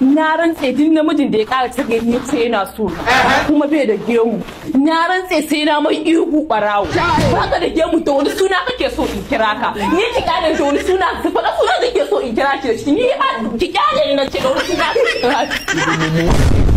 na rantse din namijin da ya kara ta gani ce yana so kuma bai da gemu na rantse sai na mai ihu barawo baka da gemu to wani suna kake so in kira ka ni ki kare da wani suna su faɗa suna kake so in kira ki da shi ni ba ki kare ni na ce da wani suna kira